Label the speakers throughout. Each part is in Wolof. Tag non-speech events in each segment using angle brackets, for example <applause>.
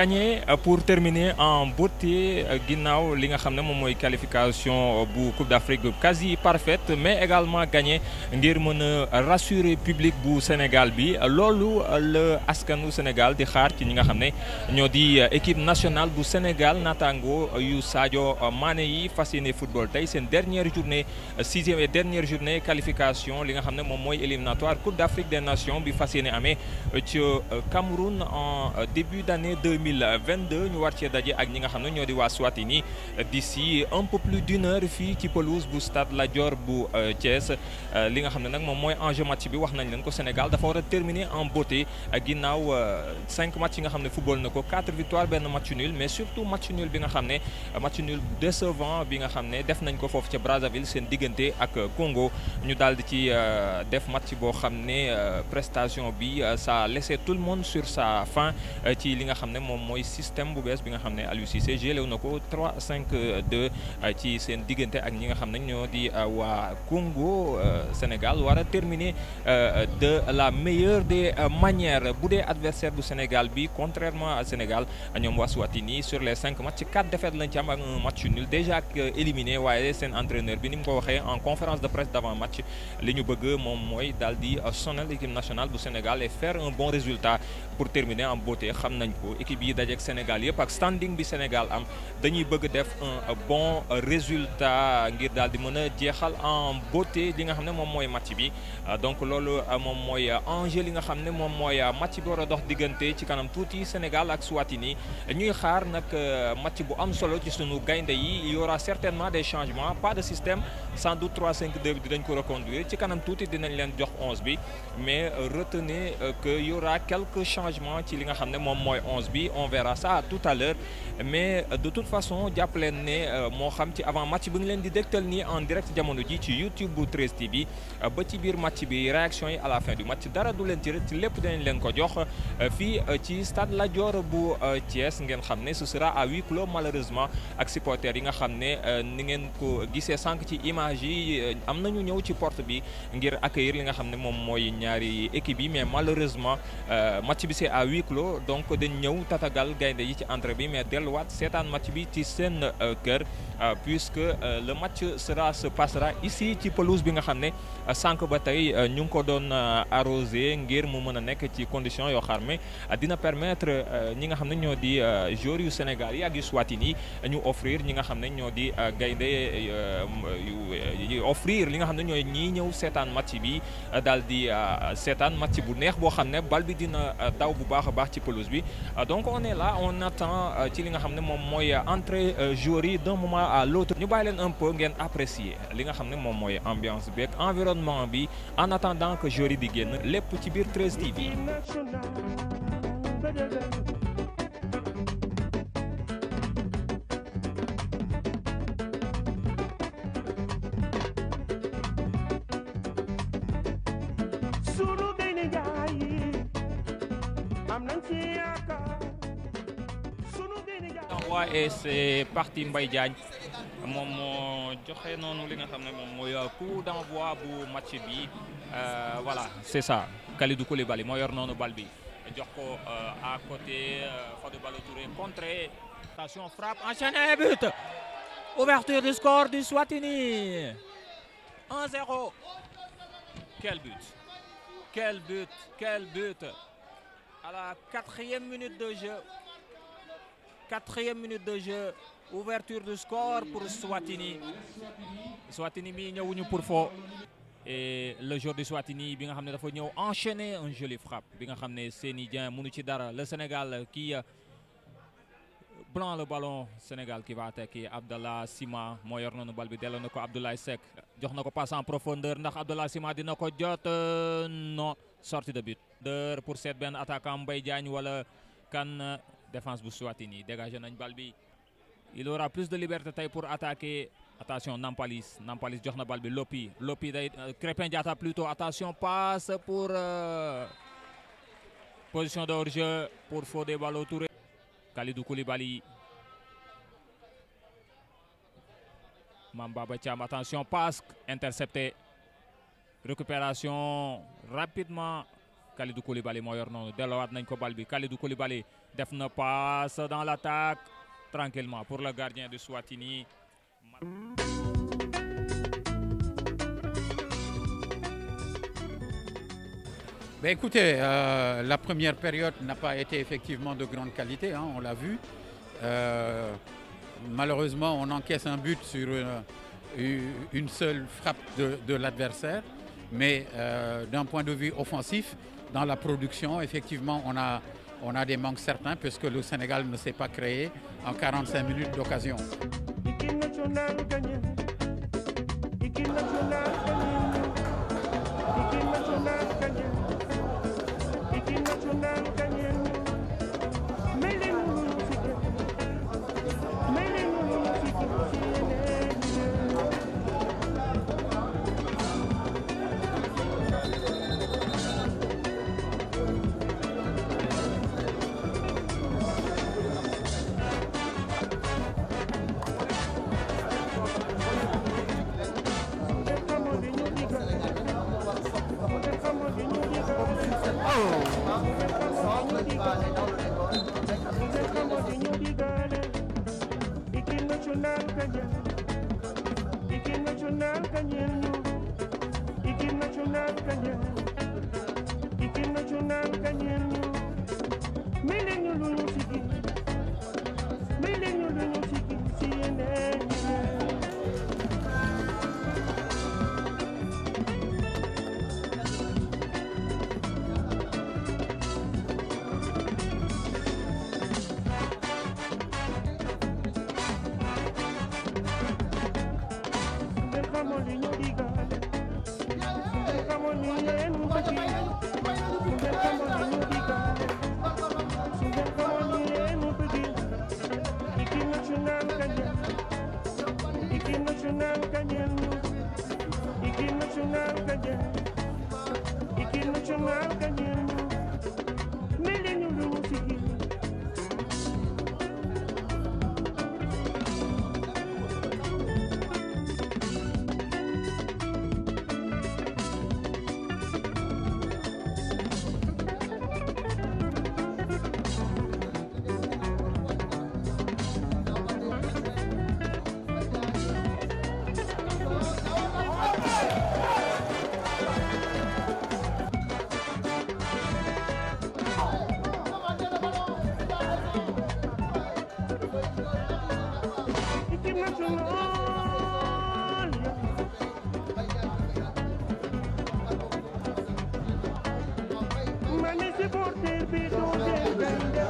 Speaker 1: Euh, pour terminer en beauté euh, Guinao li nga xam qualification qualification euh, Coupe d'Afrique quasi parfaite mais également gagné une rassurée publique rassurer public bu Sénégal bi le le askanu Sénégal di xaar ci nga équipe nationale du Sénégal Natango, yu Sadio fasciné football c'est une dernière journée sixième et dernière journée qualification li nga éliminatoire Coupe d'Afrique des Nations fasciné fas Cameroun en début d'année 2000 2022 ñu war cee daje ak ñi nga xam ñoo di wa Swatini euh, d'ici un peu plus d'une heure fi ci pelouse bu stade la Dior bu euh, Thiès euh, li nga xam nak mom moy enjeu match bi wax nañ leen ko Sénégal dafa wara terminer en beauté ginnaw cinq matchs yi nga football n'ako 4 quatre victoires ben match nul mais surtout match nul bi nga xam match nul décevant bi nga xam def nañ ko fofu ci Brazzaville seen ak Congo ñu d'aldi di ci def match bo xam prestation bi ça laissé tout le monde sur sa faim ci li nga xam le système bu l'UCCG bi 3-5-2 ci un un ak ñi nga xam euh, Congo euh, Sénégal wara a terminer euh, de la meilleure des manières boudé adversaire du Sénégal bi contrairement à Sénégal sur les 5 matchs 4 défaites lañ ci un match nul déjà éliminé wayé un entraîneur bi nim en conférence de presse d'avant match li ñu bëgg mom moy équipe nationale du Sénégal et faire un bon résultat pour terminer en beauté xam équipe bii dajeek Sénégal yëpp ak standing bi Sénégal am dañuy bëgg def un bon résultat ngir daal di mën a jeexal en beauté li nga xam ne moom mooy match bi donc loolu moom mooy enjeu li nga xam ne moom mooy match bi war a dox diggante ci kanam tuuti Sénégal ak Swatini ñuy xaar nag match bu am solo ci sunu gaynde yi il y aura certainement des changements pas de système sans doute 3-5-2 bi dinañ ko reconduire ci kanam tuuti dinañ leen jox 11 bi mais retenez que y aura quelques changements ci li nga xam ne moom mooy 11 bi on verra ça tout à l'heure mais euh, de toute façon jàpp leen euh, xam ci avant match bi ngi leen di en direct jamono ji ci YouTube ou 13TV euh, ba ci biir match bi réaction à la fin du match dara du leen ci rëcc lépp dinañ leen ko jox fii ci stade la Dior bu Thiès ngeen ce sera à huis clos malheureusement ak supporters yi nga xam ne ni ngeen ko gisee sànq ci image yi am ñëw ci porte bi ngir accueillir li nga xam ne moom ñaari équipe mais malheureusement match bi c'est à huis clos donc dañ ñëw tatagal gaynde yi ci entrée bi mais delluwaat seetaan match bi ci seen cœur euh, euh, puisque euh, le match sera se passera ici ci pelouse bi nga xamné sank ba tay ñu ko doon arroser ngir mu mëna nek ci condition yo xarmé dina permettre ñi nga xamné ne ñoo di joueurs yu Sénégal ya ak Swatini ñu offrir ñi nga xamné ne ñoo di gaynde yu offrir li nga xamné ne ñi ñew ñëw seetaan match bi daal di seetaan match bu neex bo xamné bal bi dina daw bu baax baax ci pelouse bi donc on est là on attend euh, ci li euh, entrée joueurs d'un moment à l'autre Nous allons un peu apprécier l'ambiance, nga ambiance environnement bi en attendant que joueurs digne Les petits 13 et c'est parti Mbaye Diagne moom moo joxe li nga euh, coup d'envoi bu match bi euh, voilà c'est ça Kalidou Koulibaly moo yor noonu bal bi jox ko euh, à côté Fodé ballo tourné contrée. attention frappe enchaîné, but ouverture du score du Swatini 1-0 quel but quel but quel but à la quatrième minute de jeu quatrième minute de jeu ouverture de score pour Swatini Swatini mi ñëwuñu pour faux. et le joueur de Swatini bi nga xamné dafa ñëw enchaîner un joli frappe bi nga xamné ne mënu ci dara le Sénégal qui euh, blanc le ballon Sénégal qui va attaquer Abdallah Sima moo yor bal bi delloo na Abdoulaye Seck jox na passe en profondeur ndax Abdallah Sima dina ko jot euh, non sortie de but. pour cette ben attaquant Mbaye Diagne wala kan. Euh, défense de Swatini dégagé il aura plus de liberté pour attaquer attention Nampalis Nampalis Djornabalbi. Lopi Lopi euh, Crépin plutôt attention passe pour euh, position d'orge pour Fode Baloture, Touré Kalidou Koulibaly Mamba attention passe intercepté récupération rapidement Kalidou Koulibaly Moyer, non noonu ko Kalidou Koulibaly def passe dans l'attaque tranquillement pour le gardien de Swatini
Speaker 2: ben écoutez, euh, la première période n'a pas été effectivement de grande qualité, hein, on l'a vu. Euh, malheureusement, on encaisse un but sur euh, une, seule frappe de, l'adversaire. Mais d'un point de vue offensif, dans la production, effectivement, on a, on a des manques certains puisque le Sénégal ne s'est pas créé en 45 minutes d'occasion.
Speaker 3: nacional ganhando, equipe nacional ganhando, equipe nacional ganhando, equipe nacional ganhando. Milenio do Nusiki, Milenio do Nusiki, CNN. supporter bi doo dee gaynde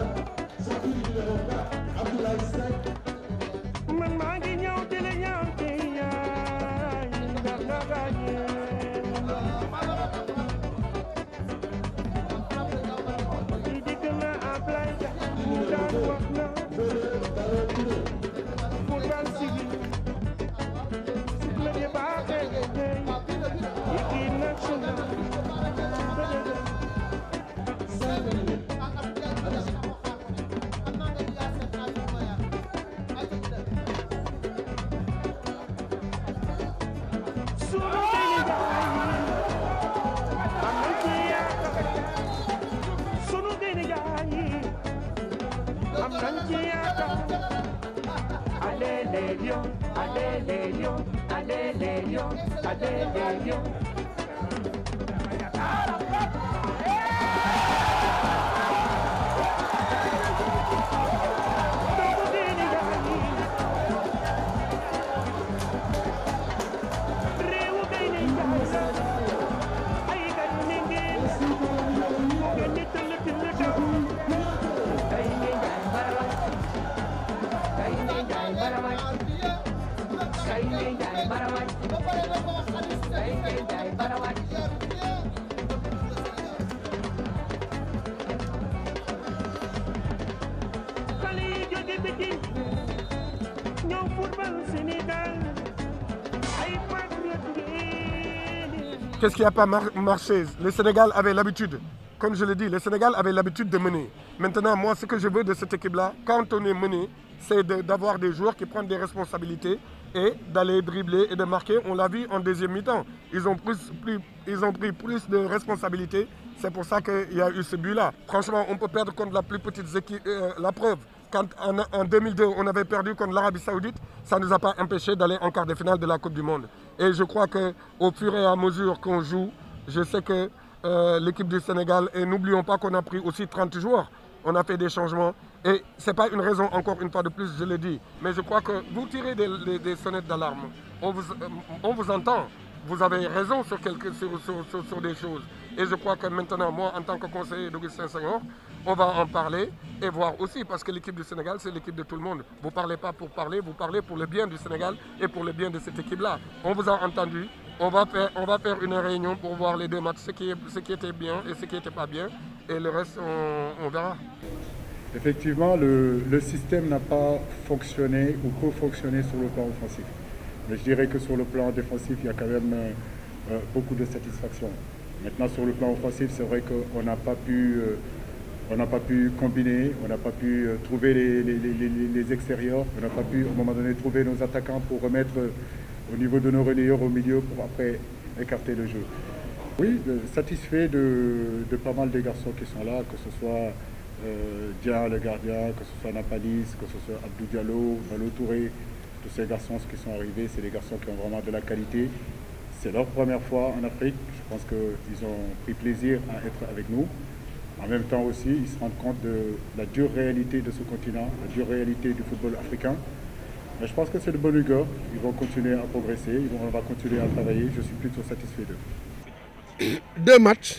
Speaker 4: Qu'est-ce qui a pas marché? Le Sénégal avait l'habitude. Comme je l'ai dit, le Sénégal avait l'habitude de mener. Maintenant, moi, ce que je veux de cette équipe-là, quand on est mené, c'est d'avoir des joueurs qui prennent des responsabilités et d'aller dribbler et de marquer. On l'a vu en deuxième mi-temps. Ils, ont plus, ils ont pris plus de responsabilités. C'est pour ça qu'il y a eu ce but-là. Franchement, on peut perdre contre la plus petite équipe. Euh, la preuve, quand en, 2002, on avait perdu contre l'Arabie Saoudite, ça ne nous a pas empêché d'aller en quart de finale de la Coupe du Monde. Et je crois qu'au fur et à mesure qu'on joue, je sais que euh, l'équipe du Sénégal, et n'oublions pas qu'on a pris aussi 30 joueurs, on a fait des changements. Et ce n'est pas une raison, encore une fois de plus, je le dis. Mais je crois que vous tirez des, sonnettes d'alarme. Euh, on vous, entend. Vous avez raison sur, quelques, sur des choses. Et je crois que maintenant, moi, en tant que conseiller d'Augustin Senghor, on va en parler et voir aussi, parce que l'équipe du Sénégal, c'est l'équipe de tout le monde. Vous ne parlez pas pour parler, vous parlez pour le bien du Sénégal et pour le bien de cette équipe-là. On vous a entendu, on va, faire, on va faire une réunion pour voir les deux matchs, ce qui, était bien et ce qui n'était pas bien, et le reste, on, verra. Effectivement, le, système n'a pas fonctionné ou co fonctionné sur le plan offensif. Mais je dirais que sur le plan défensif, il y a quand même euh, beaucoup de satisfaction. Maintenant, sur le plan offensif, c'est vrai qu'on n'a pas pu... Euh, on n'a pas pu combiner, on n'a pas pu euh, trouver les, extérieurs, on n'a pas pu, au moment donné, trouver nos attaquants pour remettre euh, au niveau de nos relayeurs au milieu pour après écarter le jeu. Oui, satisfait de, pas mal des garçons qui sont là, que ce soit Dia, le gardien, que ce soit Napalis, que ce soit Abdou Diallo, Malo Touré, tous ces garçons qui sont arrivés, c'est des garçons qui ont vraiment de la qualité. C'est leur première fois en Afrique. Je pense qu'ils ont pris plaisir à être avec nous. En même temps aussi, ils se rendent compte de la dure réalité de ce continent, la dure réalité du football africain. Mais je pense que c'est de bonne augure. Ils vont continuer à
Speaker 5: progresser, ils vont, on va continuer à travailler. Je suis plutôt satisfait d'eux. <coughs> Deux matchs,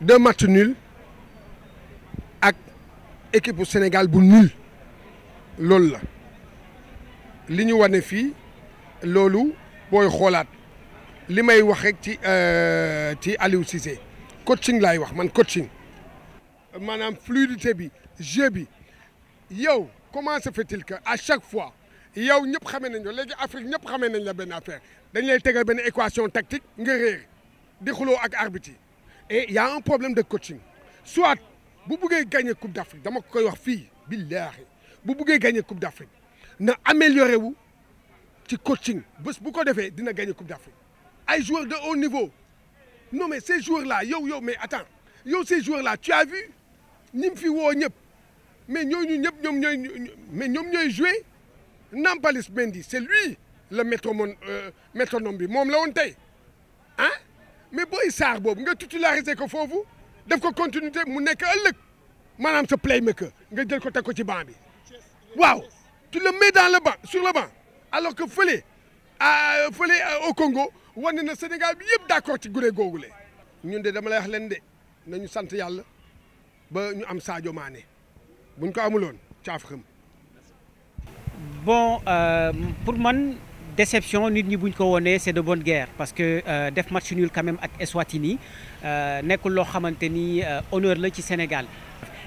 Speaker 5: deux matchs nuls, avec équipe au Sénégal pour nul. Lolo, la Wanefi, Lolou, li may wax rek ci euh, ci Aliou Cissé coaching lay wax man coaching manam fluidité bi jeu bi yow comment se fait-il que à chaque fois yow ñep xamé nañu légui Afrique ñep xamé nañ la ben affaire dañ lay tégal ben équation tactique nga réer di xulo ak arbitre et il y a un problème de coaching soit bu bëggé gagner coupe d'Afrique dama koy wax fi billahi bu bëggé gagner coupe d'Afrique na améliorer wu ci coaching bés bu ko défé dina gagner coupe d'Afrique des joueurs de haut niveau non mais ces joueurs là yo yo mais attends ces joueurs là tu as vu Ils fi mais mais ils joué c'est lui le métronome euh, métronome bi la hein? mais boy, Sarr bob. nga titulariser ko def ko continuité mu le, ce playmaker nga jël ko ko ci banc bi tu le mets dans le banc sur le banc alors que là, euh, au Congo wane na Sénégal bi yëpp d'accord ci gure googule ñun de dama lay wax leen de nañu sant yalla ba ñu am Sadio Mané buñ ko amuloon tiaf xam.
Speaker 2: bon euh, pour man déception nit ñi buñ ko woné c'est de bonne guerre parce que euh, def match nul quand même ak Eswatini euh, nekkul loo xamante ni euh, honneur la ci Sénégal.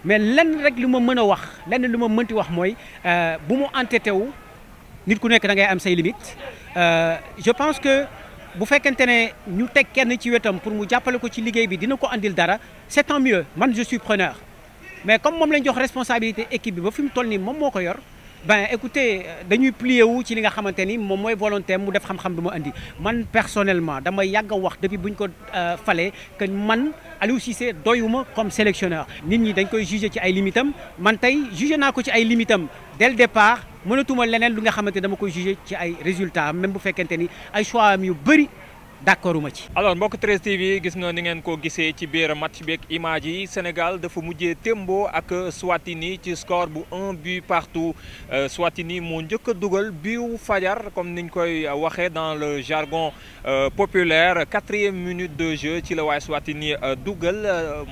Speaker 2: mais lenn rek luma mëna wax lenn luma mënti wax moy euh, bu mu entété wu nit ku nekk da ngay am say limite euh, je pense que bu fekkente ne ñu teg kenn ci wetam pour mu jàppale ko ci liggéey bi dina ko andil dara c'est tant mieux man je suis preneur mais comme moom lañ jox responsabilité équipe bi ba fi mu toll nii moom moo ko yor ben écoutez dañuy plier wu ci li nga xamanteni mom moy volonté mu def xam-xam bi andi man personnellement dama yàgg wax depuis buñ ko euh, falé que man Aliou Cissé doyuma comme sélectionneur nit ñi dañ koy juger ci ay limitam man tay juger naa ko ci ay limitam dès le départ mënatuma leneen lu nga xamanteni dama koy juger ci ay résultats même bu fekkente ay choix am yu bëri D'accord.
Speaker 1: alors Mbok 13 TV gis na ni ngeen ko gisé ci biir match beeg image yi Sénégal dafa mujjé Tembo ak Swatini ci score bu un but partout euh, Swatini mo njëkk duggal biu fajar comme niñ koy waxé dans le jargon euh, populaire quatrième minute de jeu ci la Dougal Swatini euh, duggal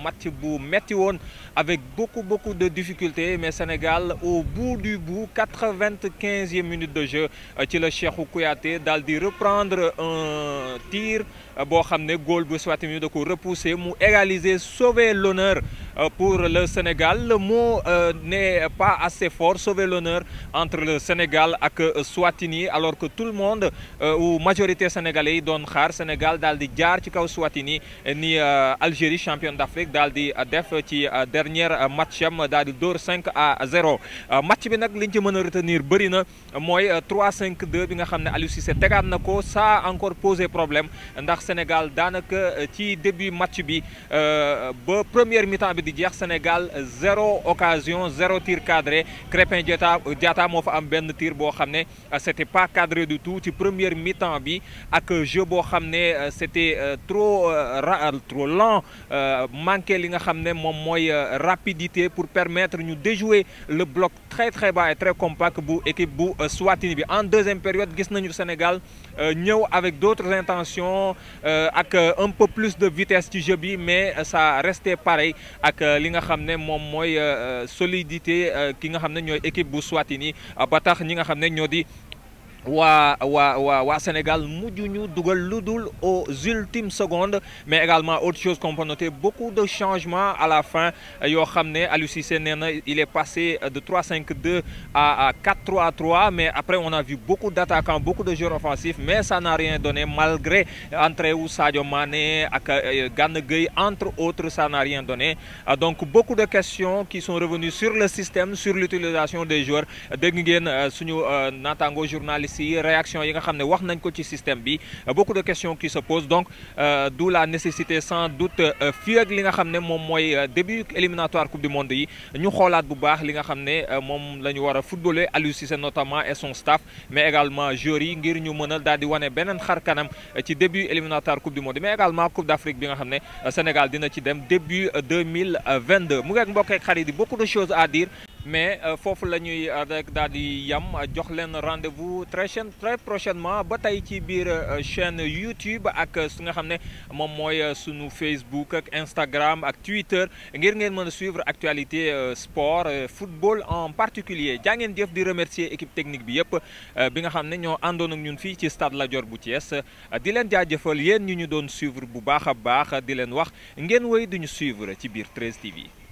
Speaker 1: match bu metti avec beaucoup beaucoup de difficultés mais Sénégal au bout du bout 95e minute de jeu ci le Cheikhou Kouyaté dal di reprendre un tir boo xam ne góol bu Eswatini da ko repousser mu égaliser sauver l'honneur Euh, pour le Sénégal. Le mot euh, n'est pas assez fort, sauver l'honneur entre le Sénégal et euh, Swatini alors que tout le monde ou majorité sénégalais donne le Sénégal daal di jaar ci kaw Swatini ni Algérie championne d'Afrique dans di def ci dernière match de 2 5 à 0 match bien que liñ ci retenir na 3-5-2 bi nga Cissé ça a encore posé problème le Sénégal dans ci début match bi euh, première mi-temps bi Sénégal zéro occasion zéro tir cadré Crépin diatamov diata mo fa am tir euh, c'était pas cadré du tout ci première mi-temps bi ak jeu bo euh, c'était euh, trop trop lent Il li nga rapidité pour permettre de déjouer le bloc très très bas et très compact bu équipe bu Swatini bi en deuxième période gis nañu Sénégal ñëw avec d'autres intentions ak un peu plus de vitesse ci jeu mais ça restait pareil ak euh, li nga xam ne moom mooy euh, euh, solidité ki nga xam ne ñooy équipe bu Swatini ba tax ñi nga xam ne ñoo di wa Sénégal dugal aux ultimes secondes mais également autre chose qu'on peut noter beaucoup de changements à la fin euh, yo xamné il est passé de 3-5-2 à 4-3-3 mais après on a vu beaucoup d'attaquants beaucoup de joueurs offensifs mais ça n'a rien donné malgré entre ou Sadio Mané euh, Gane entre autres ça n'a rien donné euh, donc beaucoup de questions qui sont revenues sur le système sur l'utilisation des joueurs de ngeen suñu journaliste si réaction yi nga xam wax nañ ko système bi beaucoup de questions qui se posent donc euh, d'où la nécessité sans doute euh, fii ak li nga xam euh, début éliminatoire coupe du monde yi ñu xoolaat bu baax li nga xam ne moom Aliou notamment et son staff mais également joueurs ngir ñu mën a daal di wane beneen xar kanam ci début éliminatoire coupe du monde mais également coupe d'Afrique bi nga xamné Sénégal dina ci dem début 2022 mu ngeek ak xarit beaucoup de choses à dire mais euh, fofu lañuy euh, rek daal di yam euh, jox len rendez-vous très chaîne très prochainement ba tey ci biir chaîne YouTube ak su nga xamné mom moy suñu Facebook ak Instagram ak Twitter ngir ngeen mën suivre actualité sport football en particulier ja ngeen jëf di remercier équipe technique bi yëpp bi nga xamné ño ñoo ak ñun fi ci stade la Dior bu Thiès di leen jaajëfal yeen ñu ñu doon suivre bu baax baax di len wax ngeen way duñu suivre ci biir 13 TV.